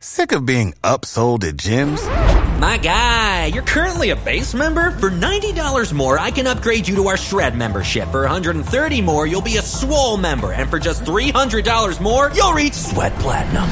Sick of being upsold at gyms? My guy, you're currently a base member. For $90 more, I can upgrade you to our Shred membership. For $130 more, you'll be a Swole member. And for just $300 more, you'll reach Sweat Platinum.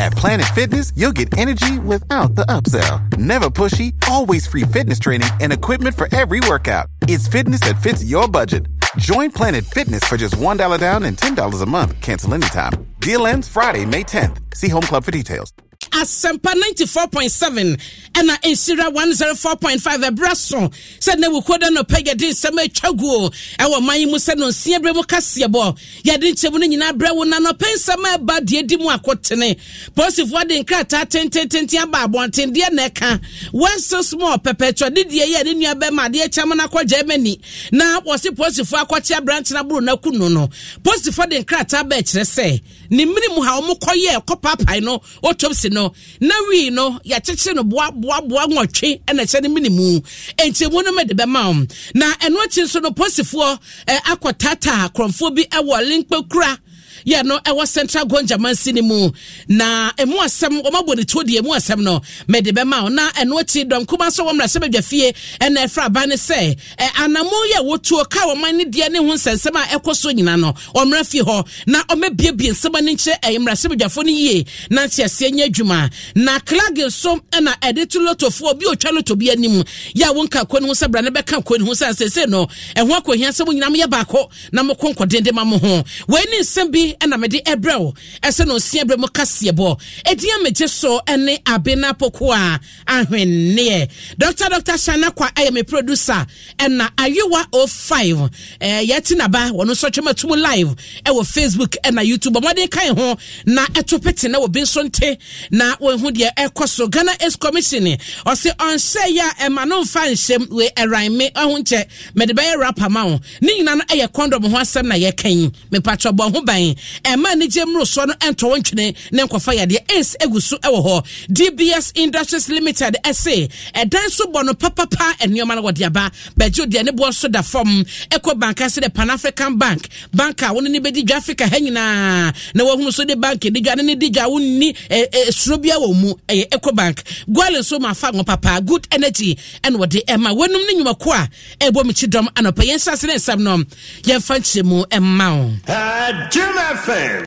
At Planet Fitness, you'll get energy without the upsell. Never pushy, always free fitness training and equipment for every workout. It's fitness that fits your budget. Join Planet Fitness for just $1 down and $10 a month. Cancel anytime. Deal ends Friday, May 10th. See Home Club for details. asɛmpa 94.7 ɛna nsira 104.5 ɛberɛ so sɛ na wukuo da nɔpɛ yɛde nsɛm atwa guo ɛwɔ man yi mu sɛ no nsia berɛ mu kaseɛbɔ yɛde nkyɛmu no nyinaa berɛ wo na nɔpɛ nsɛm aba deɛ di mu akotene polisifoɔ de nkrataa tentententen aba abɔnten deɛ na ɛka wanso small pɛpɛtwɔ de deɛ yɛ ne nua bɛma adeɛ kyɛm no akɔ germany na wɔse polisifoɔ akɔkye aberante no aboro no aku no no polisifoɔ de nkrataa bɛɛkyerɛ sɛ ne mmere mu ha wɔmokɔyɛ ɛkɔpaapae no wɔtɔm si no no na wii no yɛkyekyere no boaboaboa nwɔtwe ɛna ɛkyɛ no minimu nkyɛmu no mede bɛma wo na ɛno akyi nso no posifoɔ akɔtaataa korɔmfoɔ bi wɔ linkpɛ kura yɛ no ɛwɔ central gonjaman si ne mu na ɛmu eh, asɛm ɔmabɔ ne tuo deɛ ɛmu asɛm no mɛde bɛma eh, eh, wo na ɛno akyi dɔnkoma nso wɔ mmarahyɛ badwa fie ɛna ɛfra aba ne sɛ ɛ anamo yɛ wɔtuo ka wɔn ani deɛ ne ho nsɛnsɛm a ɛkɔ so nyina no ɔmmra fie hɔ na ɔmɛbiebie nsɛm ani nkyerɛ ɛyɛ mmarahyɛ badwafo no yie na nteaseɛ nyɛ adwuma na clag nso ɛna ɛde to lotofoɔ bi otwa loto bi anim yɛ a wɔnka kɔ ho sɛ ne bɛka kɔ ho sɛ asese no ɛho akɔhia sɛ mo nyinaa mo yɛ baako na mo kɔ nkɔdende ma mo ho wɔn ani nsɛm bi ɛna mɛde ɛbrɛ wo ɛsɛ na osia brɛ mu kaseɛ bɔ ɛdina mɛgye so ɛne abena poko a ahwenneɛ dr dr shana kwa ɛyɛ me producer ɛna ayewa 05 ɛɛ yɛte naba wɔn nso twɛm atum live ɛwɔ facebook ɛna youtube ɔmɔden kan ho na ɛto pete na obi nso nte na wɔn ho deɛ ɛkɔ so ghana ace commission ɔsɛ ɔnhyɛ yɛ ɛma no mfa nhyɛm wei ɛran me ɛho nkyɛ mɛde bɛyɛ rapper ma wo ne nyinaa no ɛyɛ kɔndɔm ho asɛm na yɛka yi mepatwa bɔ ho ban ɛma ne gye mmorosoɔ no ntɔwo ntwene ne nkɔfa yadeɛ ace agu so wɔ hɔ dbs industries limited ɛse ɛdan so bɔ no papapa nneɛma no wɔde aba bɛgye deɛ ne boɔ nso da fam ɛkɔ bank ase dɛ pan african bank bank a wɔn ne bɛdi dwa africa ha nyinaa na wɔn nso de bank di dwa ne ne di dwa wɔn ni suro bi wɔ mu ɛyɛ eco bank goal nso ma fa wɔn papa good energy ɛna wɔde ɛma wɔnum ne nnwumako a ɛbɔ mi kyi dɔm anɔpɛ yɛn nsa se ne nsam no yɛn fa nkyɛn mu ɛma wɔn. my family.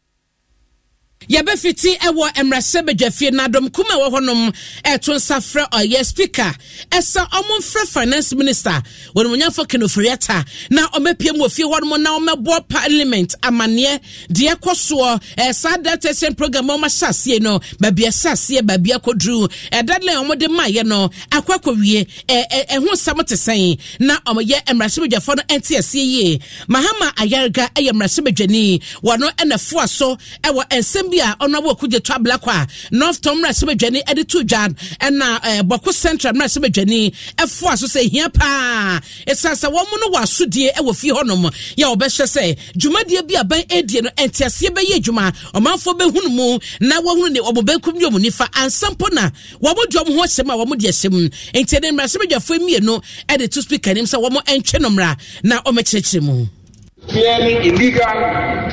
yɛbɛfiti ɛwɔ mmerɛsɛ badwafie nadɔm kum ɛwɔ hɔnom ɛto nsa frɛ ɔyɛ speaker ɛsɛ ɔmo mfrɛ finance minister wɔnumunyafo kenofriata na ɔmɛpie mu ofie hɔnom na ɔmɛbɔ parliament amanneɛ deɛ kɔ soɔ ɛsaa eh, datation program ɔmo ahyɛ aseɛ no baabi ɛhyɛ aseɛ baabi akɔduru ɛdadlɛn eh, ɔmo de maayɛ no akɔ akɔwie ɛɛ eh, ɛho nsɛm te sɛn na ɔmo yɛ mmerɛsɛ badwafo no ɛnte aseɛ yie mahama ayarga ɛyɛ mmerɛsɛ badwani wɔn no ɛna foa so ɛwɔ nsɛm bi bi a ɔno abɔ kugye to abla kɔ a northton mmerɛ sɛ badwani ɛde to dwa ɛna ɛɛ eh, bɔko central mmerɛ sɛ badwani ɛfoa so sɛ hia paa ɛsan sɛ wɔn no wɔ asodie ɛwɔ fie hɔnom yɛ ɔbɛhyɛ sɛ dwumadie bi a bɛn ɛdie no ɛntiaseɛ bɛyɛ adwuma ɔmanfoɔ bɛhunu mu na wɔhunu ne wɔn bɛkum yɛ wɔn nifa ansampo na wɔn de wɔn ho ahyɛm a wɔn de ahyɛm nti ɛde mmerɛ sɛ badwafoɔ mmienu ɛde to speaker nim sɛ wɔn ɛntwe no mmerɛ na wɔn akyerɛkyerɛ mu. clearly illegal,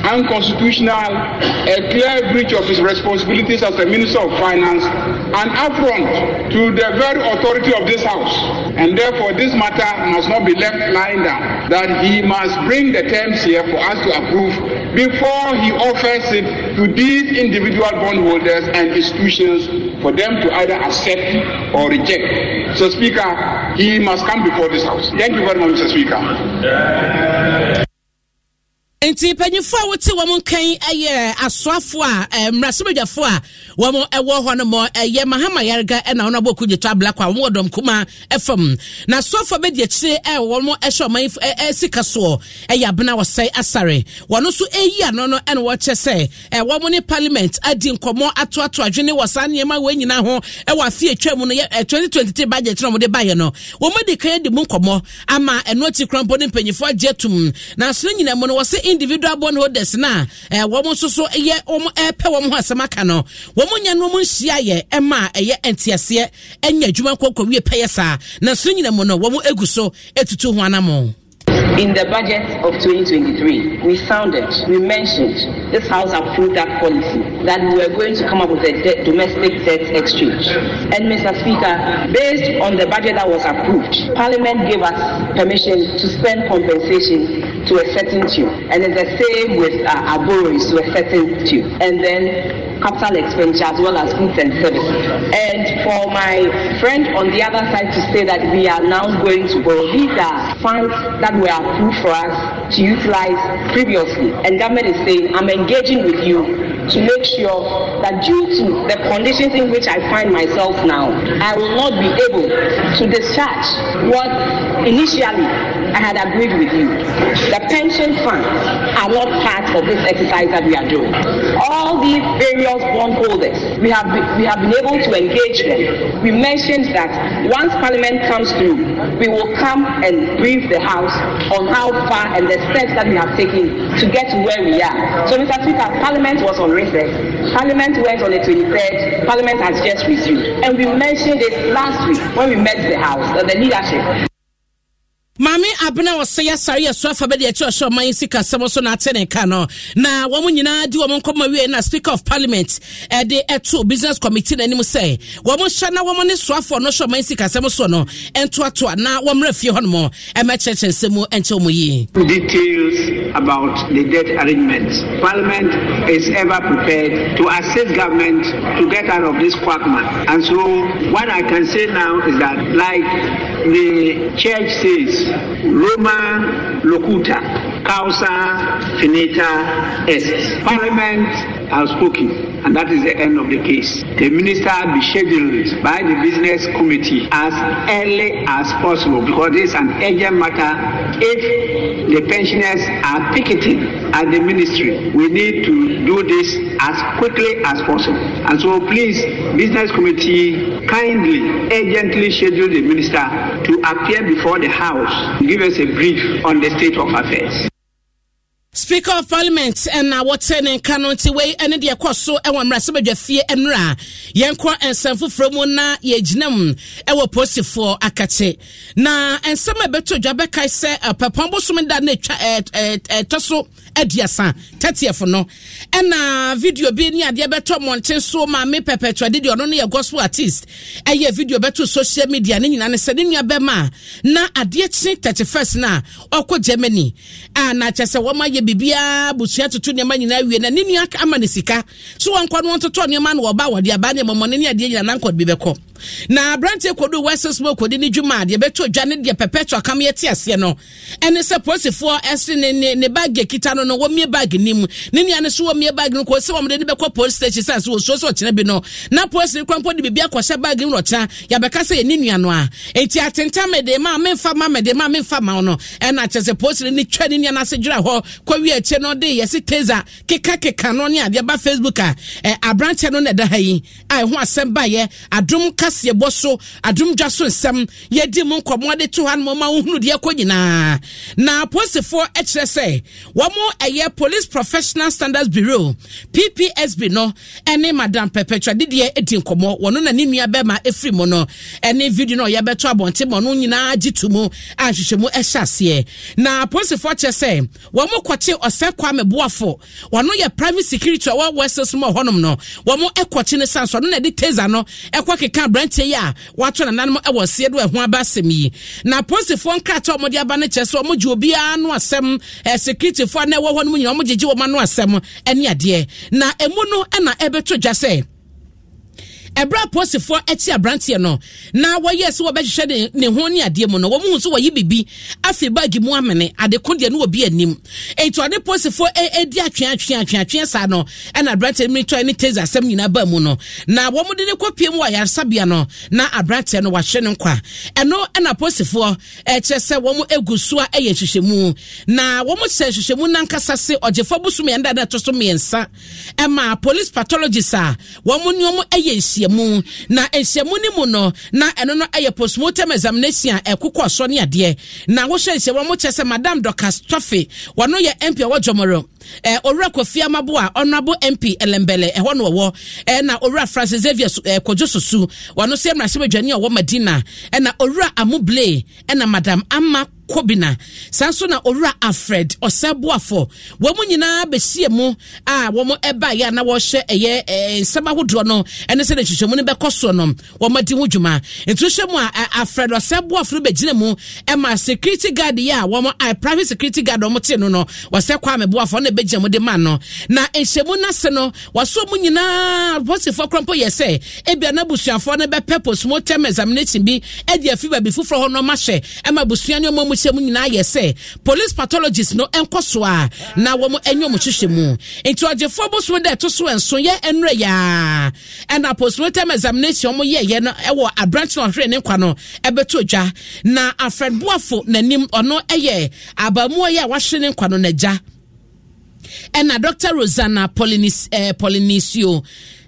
unconstitutional, a clear breach of his responsibilities as the Minister of Finance, an affront to the very authority of this House. And therefore, this matter must not be left lying down, that he must bring the terms here for us to approve before he offers it to these individual bondholders and institutions for them to either accept or reject. So, Speaker, he must come before this House. Thank you very much, Mr. Speaker. nti mpanyinfo a wɔte wɔn nkan yɛ asoafo a mmarasomadwafo a wɔn wɔ hɔ nom yɛ mahama yarega na wɔn abɔ kudito ablakɔ a wɔn wɔ dɔm kuma fam na asoafo bɛ di akyire a wɔn hyɛ ɔman yi sika soɔ yɛ abena wɔsɛe asare wɔn nso yi ano no na wɔkyɛ sɛ wɔn ne parliament adi nkɔmɔ atoato adwene wɔ saa nneɛma wɔn nyinaa ho wɔ afi atwa mu no yɛ twenty twenty three budget na wɔn de baayɛ no wɔn adi kan di mu nkɔmɔ ama ɛno akyi kura tum na asono nyinaa mu no individual na eh, wɔn nso so yɛ wɔn eh, wɔn ho asɛm aka no wɔn nyɛ no wɔn nhyia yɛ ɛma ɛyɛ adwuma wie pɛyɛ saa na so nyina mu no wɔn egu so etutu ho In the budget of 2023, we sounded, we mentioned, this House approved that policy that we were going to come up with a de- domestic debt exchange. And Mr. Speaker, based on the budget that was approved, Parliament gave us permission to spend compensation to a certain tune. And it's the same with uh, our borrowings to a certain tune. And then capital expenditure as well as goods and services. And for my friend on the other side to say that we are now going to borrow, these are funds that were approved for us to utilize previously. And government is saying, I'm engaging with you to make sure that due to the conditions in which I find myself now, I will not be able to discharge what initially I had agreed with you. The pension funds are not part of this exercise that we are doing. All these various bondholders, we have been, we have been able to engage them. We mentioned that once Parliament comes through, we will come and brief the House on how far and the steps that we have taken to get to where we are. So, Mr. Speaker, Parliament was on recess. Parliament went on the 23rd. Parliament has just resumed, and we mentioned this last week when we met the House, uh, the leadership. maame abena ɔsɛ yɛ asare yɛso afa bɛde ɛkyɛ ɔhyɛ ɔman sikasɛm so na ne ka no na wɔn nyinaa di wɔn nkɔmɔ wie na speaker of parliament ɛde eh, ɛto business committee n'anim sɛ wɔn hyɛ na wɔn ne soafoɔ no hyɛ ɔman sikasɛm so no ɛntoatoa na wɔn mmerɛ fie hɔnom ɛmɛkyerɛkyerɛ nsɛm ɛnkyɛn mu yie. details about the debt arrangements parliament is ever prepared to assist government to get out of this quagmire and so what i can say now is that like the church says. Roma locuta causa finita est. Parliament has spoken, and that is the end of the case. The minister be scheduled by the business committee as early as possible because it's an urgent matter. If the pensioners are picketing at the ministry. We need to do this as quickly as possible. And so, please, business committee, kindly, urgently schedule the minister to appear before the House to give us a brief on the state of affairs speaker of parliament ɛna eh, wɔte ne nka no nti wei ne deɛ ɛkɔ so wɔ mmerɛsɛbadwafie nnora a yɛnkɔ nsɛm foforɔ mu na yɛgyina mu wɔ posifoɔ akate na nsɛm a ɛbɛtɔ dwa bɛkae sɛ eh, pɛpɔn bosom da no ɛtwa eh, ɛtɔ so aduasa tɛtiɛfo no ɛna video bi ne adeɛ bɛtɔ mmɔnten so maame pɛpɛtɔde deɛ ɔno no yɛ gospel artist ɛyɛ video bɛto social media ne nyinaa ne sɛ ne nua bɛma na adeɛ kye 31st no a ɔkɔ germany a ah, na kyɛ sɛ wɔma yɛ biribi biara busua toto nneɛma nyinaa wie na ne nua ama ne sika so wɔnkɔ no wɔntotɔ nneɛma no wɔba wɔde aba ne mɔmɔ ne ne adeɛ nyina nankɔ de bi bɛkɔ na aberanteɛ kɔdu wɛsɛ smoke kɔdi ne dwuma adeɛ bɛtɔ dwa ne deɛ pɛpɛtɔ akam yɛte aseɛ no ɛne sɛ polisifoɔ ɛse ne ne ne baage kita no no wɔmie baage ne ne nua no so wɔmie baage no kɔ sɛ wɔn de ne bɛkɔ polisi station sɛ wɔsuo sɛ ɔkyerɛ bi no na polisi kɔnpɔ de biribi akɔhyɛ baage no ɔkyerɛ yabɛka sɛ yɛ ne nua no a eti atenta mɛde ma mɛmfa ma mɛde ma mɛmfa ma no ɛna kyerɛ sɛ polisi ne twɛ ne nua no ase dwera hɔ kɔ wi akyire no de yɛsi taser kekakeka no ne adeɛ ba facebook a ɛ aberanteɛ no na ɛda ha yi a ɛho asɛm baayɛ adum kaseɛ bɔ so adum dwa so nsɛm yɛdi mu nkɔmɔ de to ha no ma ohunu deɛ kɔ nyinaa na polisifoɔ ɛkyerɛ sɛ wɔn ɛyɛ police professional standards bureau ppsb no ɛne madam perpetua didiɛ edi nkɔmɔ wɔn na ne nua bɛrima efiri mu no ɛne video no a yɛbɛto abɔnten mu ɔno nyinaa gye to mu a nhyehyɛ mu ɛhyɛ aseɛ na polisifoɔ kyerɛ sɛ wɔn kɔkye sɛ ɔsɛ kwame boafo wɔno yɛ private security a wɔwɔ ɛsɛ soma hɔnom no wɔn ɛkɔkye ne san so ɔno na ɛde taser no ɛkɔ keka aberanteɛ yi a wato nananom ɛwɔ seɛ do ɛho aba asɛm yi na apolisifoɔ nkrataa a wɔde aba no kyerɛ sɛ wɔn gye obiara no asɛm ɛɛ securityfoɔ a na ɛwɔ hɔ no mu nyinaa wɔn gyegye wɔn ano asɛm ɛne adeɛ na emu no ɛna ɛbɛto dwa sɛ ɛberɛ apolisifoɔ akyi aberanteɛ no na wɔyɛ sɛ wɔbɛhwehwɛ ne ho ne adeɛ mu no wɔn nso wɔyi biribi afei baagi mu amene adeko deɛ no wɔ bi anim etu ɔde polisifoɔ e, edi atwea atwea atwea atwea saa no ɛna aberanteɛ no tɔ ne tezi asɛm nyinaa baa mu no na wɔn de ne kɔpie mu wɔ ayaresabea no na aberanteɛ no wahyɛ ne nkwa ɛno ɛna polisifoɔ ɛkyerɛ sɛ wɔn egu so ɛyɛ nhyehyɛmu na wɔn hyɛ nhyehyɛmu nankasa se ɔgyefo busumi ɛnda ɛda ɛto so mmiɛnsa ɛma police pathologist a wɔn ne wɔn ɛyɛ nhyia nhyiamu na nhyiamu no mu no na ɛno no yɛ postmortem examination a ɛkokɔ sɔ ne adeɛ na wohyɛ nhyiamu a mokyɛ sɛ madam dorcas tɔfe wɔno yɛ mp a wɔdwɔmɔrɔ eh, owura kofi amabo a honorable mp elembele ɛhɔ eh, na ɔwɔ eh, na owura francis xavier eh, kwadwo soso wɔno sɛ mmarahyɛbadwani a ɔwɔ madina ɛna eh, owura amoblee ɛna eh, madam ama kobina saa nso na owura alfred ɔsɛboafo wɔn mu nyinaa bɛsie mu a wɔn ɛbaeɛ a na wɔhyɛ ɛyɛ ɛɛ nsɛm ahodoɔ no ɛne sɛ ne nhyehyɛmu no bɛkɔ soɔ no wɔn adi ho dwuma ntuhyɛ mu a alfred ɔsɛboafo no bɛgyina mu ɛma security guard yɛ a wɔn a private security guard wɔn te no no wɔsɛ kwame boafo ɔna ɛbɛgya mu de ma no na nhyɛmu no ase no wasɔ mu nyinaa aposifoɔ korɔ yɛ sɛ ebia na abusuafoɔ no bɛpɛ postmortem term examination bi ɛde afi baabi foforɔ hɔ no ɔma hyɛ ɛma abusua ne ɔma mu hyɛ nyinaa yɛ sɛ police pathologist no ɛnkɔ so a na wɔn ɛnyɛ ɔmo hyehyɛ mu nti ɔgyefoɔ bosom dɛ ɛto so nso yɛ ɛnura yaa ɛna postmortem examination ɔmo yɛ yɛ no ɛwɔ aberante na ɔhwere ne nkwa no ɛbɛto dwa na afred boafo n'anim ɔno ɛyɛ abamuwa yɛ a wahwere ne nkwa no n'agya ɛna dr rosanna polinis, eh, polinisio oh.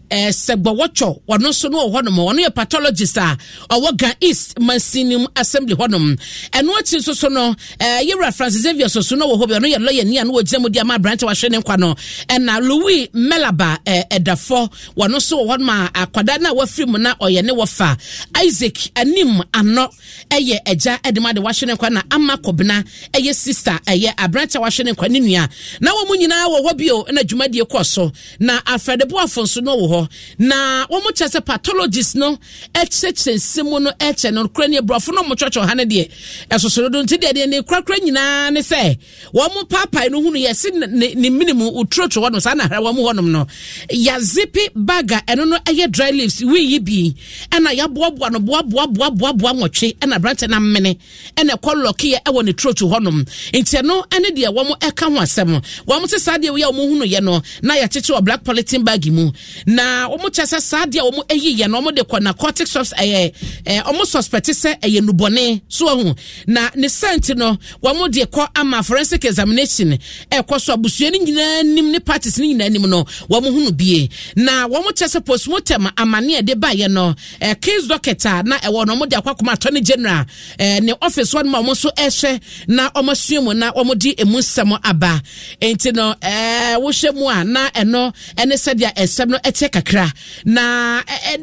eh, sɛgbɔwɔtwɔ ɔno nso no wɔ hɔnom ɔno yɛ pathologist ah, a ɔwɔ ga east mansinim assembly hɔnom ɛno eh, akyi nso so no eh, yɛwura francis xavier soso no wɔ hɔ bi ɔno yɛ lɔyɛni a no wɔgyina mu de ama aberante wahwɛ ne nkwa no ɛna eh, louis melaba ɛdafɔ eh, ɔno nso wɔ hɔnom a akwadaa ah, no a wafiri mu na ɔyɛ ne wɔfa isaac anim ano ɛyɛ agya ɛde ma de wahwɛ ne nkwa na ama kɔbena ɛyɛ sister ɛyɛ aberante ah, a wahwɛ ne nkwa ne nua na wɔn nyinaa wɔ hɔ bio na dwumadie kɔ so na afɛdeboafo nso no wɔ hɔ hɔ na wɔn kyɛ sɛ pathologist no ɛkyerɛkyerɛ nsɛm no ɛkyɛ no kura ne aburɔfo no wɔn kyerɛkyerɛ ɔha no deɛ ɛsoso do nti deɛ deɛ ne kurakura nyinaa ne sɛ wɔn paapae no hunu yɛsi ne ne minimu oturotu hɔnom saa nahara wɔn hɔnom no yazipi baga ɛno no ɛyɛ dry leaves wiyi bi ɛna yaboaboa no boaboaboaboaboa nwɔtwe ɛna aberante na mmene ɛna ɛkɔ lɔkiɛ ɛwɔ ne turotu hɔnom nti ɛno ɛne deɛ wɔn ɛka ho asɛm wɔn te saa deɛ wɔyɛ wɔn hunu yɛ no na yɛkyekyere wɔ black polythene bag mu na na wɔn kyɛ sɛ saa deɛ wɔn ayi yɛ no wɔn de kɔ narcotic subs ɛyɛ ɛɛ wɔn suspect sɛ ɛyɛ nubɔne so ɛho na ne sɛnti no wɔn de kɔ ama forensic examination ɛkɔ so abusua no nyinaa nim ne parties no nyinaa nim no wɔn ho bie na wɔn kyɛ sɛ postmortem amane a ba baeɛ no ɛɛ case docket na ɛwɔ no wɔn de akɔ akɔma attorney general ɛɛ ne office hɔ ma a wɔn nso ɛhwɛ na wɔn asua mu na wɔn de emu nsɛm aba nti no ɛɛ wɔhwɛ mu a na ɛno ɛne sɛdeɛ nsɛm no ɛte kakra na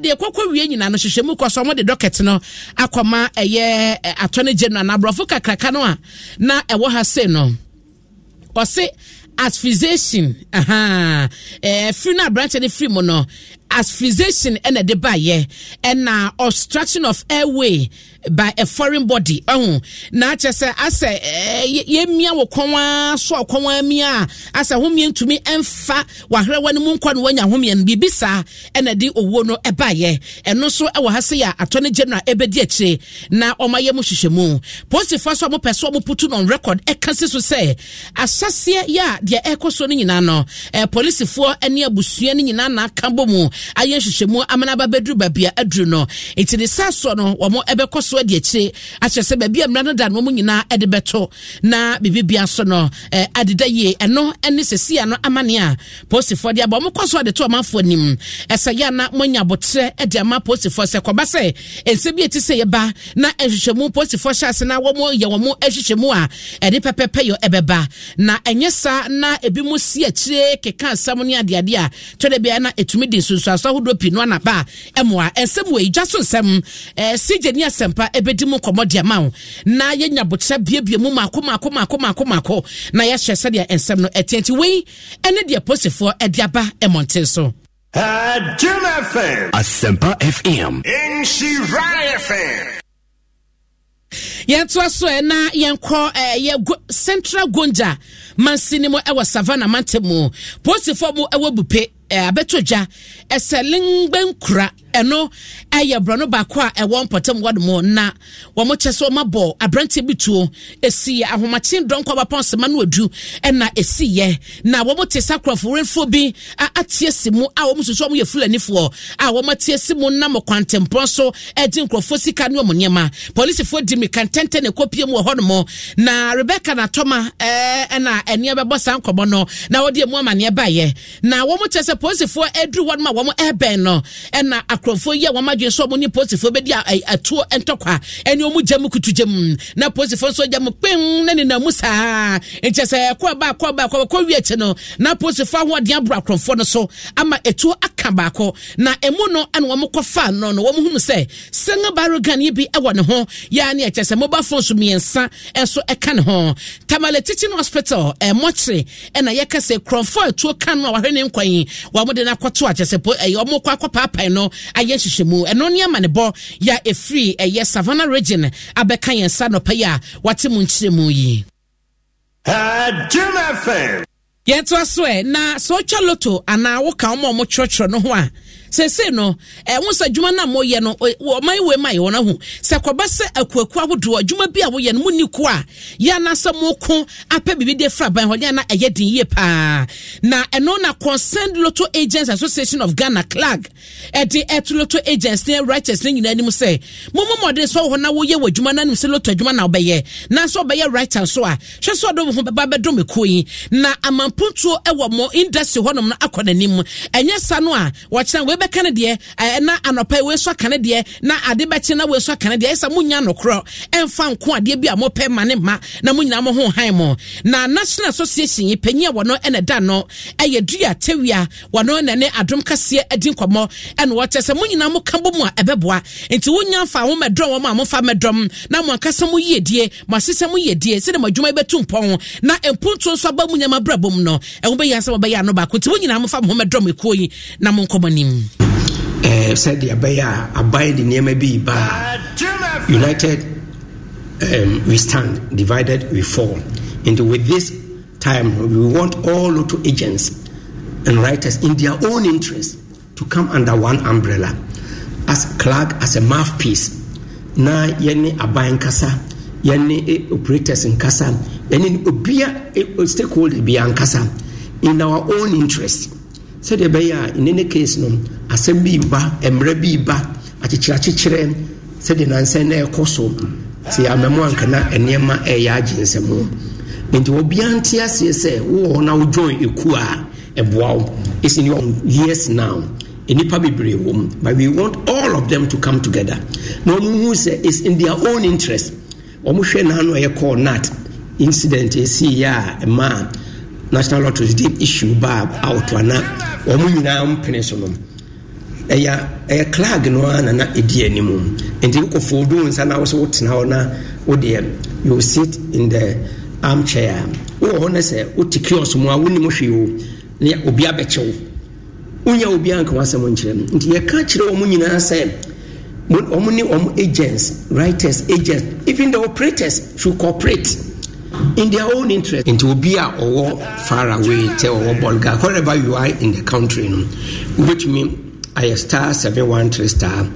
deɛ kɔkɔ wie nyinaa no hyehyɛ mu kɔ so wɔde dɔkɛt no akɔma ɛyɛ atɔne general na aborɔfo kakraka no a na ɛwɔ ha sei no ɔse asphyxiation firi no aberankyɛ no firi mu no asphyxiation ɛna de yɛ ɛna obstruction of airway by a foreign body ɛho na akyɛ sɛ asɛ yɛmia wɔ kɔn a so ɔkɔn a mia asɛ homiɛ ntumi ɛnfa wahrɛwa no mu nkɔ no wanya saa ɛna owuo no ɛno nso ɛwɔ ha se yɛ atɔne general ɛbɛdi na polisifoɔ ayɛ nhyehyɛmu amanaba bɛduru baabi a aduru no nti ne saa soɔ no wɔn bɛkɔ so adi akyire akyerɛ sɛ baabi a mmira no da no wɔn nyinaa de bɛtɔ na bibibia so no eh, adeda yie ɛno ne sɛsia no amane a polisifoɔ de aba wɔn kɔ so ade to ɔmanfoɔ anim ɛsɛ yɛ ana wɔnya abotire de ama polisifoɔ sɛ kɔba sɛ nsɛm bi a ti sɛ yɛba na nhyehyɛmu polisifoɔ hyɛ ase na wɔn yɛ wɔn nhyehyɛmu a ɛde pɛpɛpɛ yɛ ɛbɛba na ɛnyɛ saa na ebi mu si akyire keka asɛm ne adeade a tɔdɛ na ɛtumi di nsusu ntoaso ahodoɔ pii no anaba a ɛmoa ɛnsɛm wɔ igya so nsɛm ɛɛ sigye ne asɛmpa ɛbɛdi mu nkɔmɔ deɛ ma wo na yɛnya bokyɛ biebie mu maako maako maako maako maako na yɛhyɛ sɛdeɛ nsɛm no ɛteɛ nti wei ɛne deɛ posifoɔ ɛde aba ɛmɔnten so. Jim FM. Asempa FM. Nshira FM. yɛntoa so ɛ na yɛnkɔ ɛyɛ central gonja mansini mu ɛwɔ savannah mantam mu polisifoɔ mu ɛwɔ bupe Eh, abɛtɔ gya ɛsɛ lengbe nkura ɛno ɛyɛ borɔno baako a ɛwɔ mpɔtam wɔdom na wɔn kyɛ sɛ wɔn abɔ aberanteɛ bi tuo esi ahomakye dɔnkɔ bapɔn sema no edu ɛna esi yɛ na wɔn te sa korɔfo renfo bi a atie si mu a wɔn soso wɔn yɛ fulanifoɔ a wɔn atie si mu nam kwantempɔn so ɛdi nkorɔfo sika ne wɔn nneɛma polisifoɔ di mi kantɛntɛ na ekopie mu wɔ hɔnom na rebeka na tɔma ɛɛ ɛna ɛnea bɛbɔ na wɔde emu amaneɛ baayɛ na wɔn kyɛ apolisifoɔ aduru hɔ nom a wɔn ɛbɛn no ɛna akorɔmfoɔ yi a wɔn adwene sɛ wɔn ne polisifoɔ bɛdi atuo ntɔkwa ɛne wɔn gya kutu gya na polisifoɔ nso gya mu kpɛn na nenam mu saa nkyɛn sɛ kɔɔ ba kɔɔ wie akyi no na polisifoɔ ahoɔden aboro akorɔmfoɔ no so ama etuo aka baako na emu no ɛna wɔn kɔ fa ano no wɔn hunu sɛ sɛn barogan yi bi ɛwɔ ne ho yaa ne ɛkyɛ sɛ mobile phones mmiɛnsa ɛnso ɛka ne ho tamale teaching hospital ɛmɔkyere ɛna yɛka sɛ korɔmfoɔ etuo kan no a wɔahwɛ ne nkwan wɔmode no akɔto akyɛ sɛ ɛyɛ eh, ɔmo kɔ akɔpaapae no ayɛ nhyehyɛmu ɛno ne ama ne bɔ eh, yɛ ɛfiri ɛyɛ savannah region abɛka yɛn sa nɔpɛ yi a wate mu nkyerɛ mu yi yɛntoa so ɛ na sɛ wotwa loto anaa woka woma ɔmo kyerɛkyerɛ no ho a sese no ɛho sɛ adwuma no moyɛ no ɔman wei ma yɛwɔ no ho sɛ kɔba sɛ akuaku ahodoɔ adwuma bi a woyɛ no muni ko a yɛ anasɛ moko apɛ biribi de fra ban hɔ ne ana ɛyɛ den yie paa na ɛno na concerned loto agents association of ghana clag ɛde ɛto loto agents ne writers ne nyinaa anim sɛ momo mɔden sɛ wɔ hɔ na woyɛ wɔ adwuma no anim sɛ loto adwuma na wobɛyɛ na sɛ wobɛyɛ writer so a hwɛ sɛ ɔdɔ ho bɛba bɛdɔ mekuo yi na amanpontuo ɛwɔ mɔ industry hɔnom no akɔ n'anim ɛnyɛ sa no a wɔkyena wei bɛka no deɛ na anɔpa wɔasu aka deɛ na ade bɛkye na wɔasu aka no deɛ ɛsɛ monya nokorɔ ɛmfa nko adeɛ bi a mopɛ ma ne ma na mo nyinaa mo ho han mo na national association yi panyin a wɔno ɛna da no ɛyɛ dua tewia wɔno na ne adom kaseɛ adi nkɔmmɔ ɛna wɔkyɛ sɛ mo nyinaa mo ka bɔ mu a ɛbɛboa nti wonya mfa wo mɛdɔm wɔn a mofa mɛdɔm na mo ankasa mo yie die mo asesɛ mo yie die sɛdeɛ mo adwuma bɛtu mpɔn na mponto nso aba mu nyama brɛ bɔ mu no ɛho bɛyɛ asɛm ɔbɛyɛ ano baako nti wo nyinaa mofa mo ho mɛdɔm ekuo yi na mo nkɔmɔ nim eh, sɛdeɛ ɛbɛyɛ a aban de nneɛma bi baa united um, we stand divided we fall and with this time we want all lotto agents and writers in their own interest to come under one umbrella as clerk as a mouthpiece na yɛne abae nkasa yɛne eh, operators nkasa yɛne obia eh, stakeholder bia nkasa in our own interest sɛdeɛ ɛbɛyɛ a ne ne case no asɛm bi ba mmerɛ bi ba akyekyere akyekyere sɛdeɛ nansan na ɛkɔ so sɛ amamu ankana nneɛma ɛyɛ agye nsɛm ho nti obiara nte aseɛ sɛ wowɔ hɔ na wojoin ekuo a ɛboa wo it's in your years now nipa bebree wɔ mu but we want all of them to come together na wɔn hu sɛ it's in their own interest wɔn hwɛ n'ano ɛyɛ call nat incident esi yɛ a ɛmaa national Lottery de issue baa out ana wɔn nyinaa mpene so no ɛyɛ ɛyɛ clag no ara nana edi anim nti wokɔ fodo nsa na wosɛ wotena hɔ na wodeɛ you sit in the armchair wowɔ hɔ no sɛ wote kiosk mu a wonim hwee o na obi abɛkyɛ wo wonya obi anka wasɛm nkyerɛ no nti yɛka kyerɛ wɔn nyinaa sɛ wɔn ne wɔn agents writers agents even the operators should cooperate. in their own interest. Nti be a war far away sɛ or Bulgaria wherever you are in the country which wobɛtumi ayɛ star seven one three star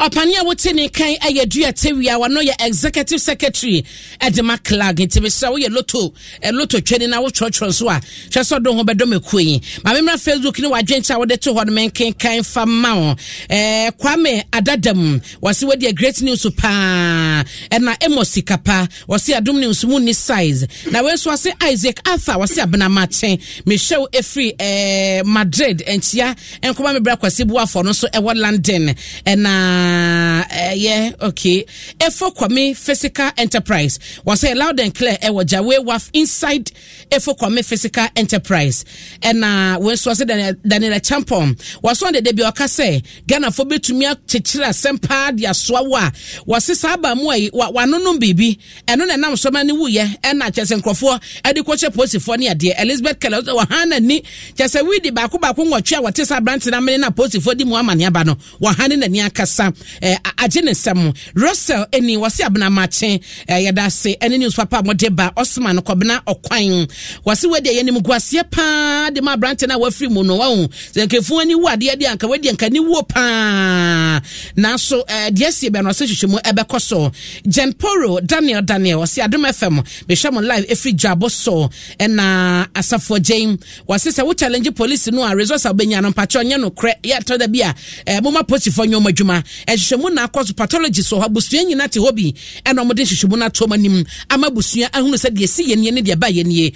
ɔpane a wote ne kan ɛyɛ dua tewia wano yɛ executive secretary ɛdema clark nti mesrɛ woyɛ loto eh, loto twani na wotwerɛtwerɛ so a hwɛ sɛ ɔdo ho bɛdɔ mɛkuo yi ma memra facebook ne wadwenkyɛ a wode to hɔ no menkenkan fa ma wo eh, kwame adadam wɔse wadi a great news paa ɛna ɛmɔ sika pa wɔse adom news mu ni size na wei nso wɔse isaac arthur wɔse abenamakyɛn mehyɛw ɛfiri eh, madrid nkyia nkɔma mebrɛ kwase buafoɔ no so ɛwɔ london ɛna na eh, ɛyɛ okay efo kwame physical enterprise wɔsɛ loud and clear ɛwɔ eh, jawe waf inside efo kwame physical enterprise ɛna wɔn nso ɔsɛ daniela champon wɔsɔn dede bi ɔka sɛ ghanafo betumi akyekyere asɛm paa de asoa wo a wɔsɛ saa abaamuwa yi wa wanonom biribi ɛno na ɛnam sɔma ne wuyɛ ɛna kyɛsɛ nkurɔfoɔ ɛde eh, kɔkyɛ polisifoɔ ne adeɛ elizabeth kɛlɛ wɔhan n'ani kyɛsɛ wiidi baako baako nwɔtwe a wɔte sɛ aberante na mene na polisifoɔ di mu amaneaba no wɔhan n'ani akasa Eh, agye ne nsɛm russell ɛni wɔsi abenamakye eh, yɛda ase ɛne news papa a wɔde ba ɔsoma no kɔbena ɔkwan wɔsi wɔde yɛ nim guaseɛ paa de ma aberante no a wafiri mu no wɔn sɛ nkefu ani wu adeɛ de anka wɔde anka ni wuo paa nanso eh, deɛ si bɛn ɔsɛ hyehyɛ mu ɛbɛkɔ so jen poro daniel daniel wɔsi adum fm bɛhyɛ mo live efiri dwabo so ɛna asafo gyɛn wɔsi sɛ wo challenge police no a results a wɔbɛnya no mpatsɛ ɔnyɛ no korɛ yɛ da bi a ɛɛ mo nyɛ ɔmo adwuma ɛhyehyɛmu na akɔ so patologist wɔ hɔ abusua nyinaa te hɔ bi ɛna wɔde hyehyɛmu no ato wɔn anim ama abusua ahunu sɛ deɛ si yɛn nie ne deɛ ba yɛn nie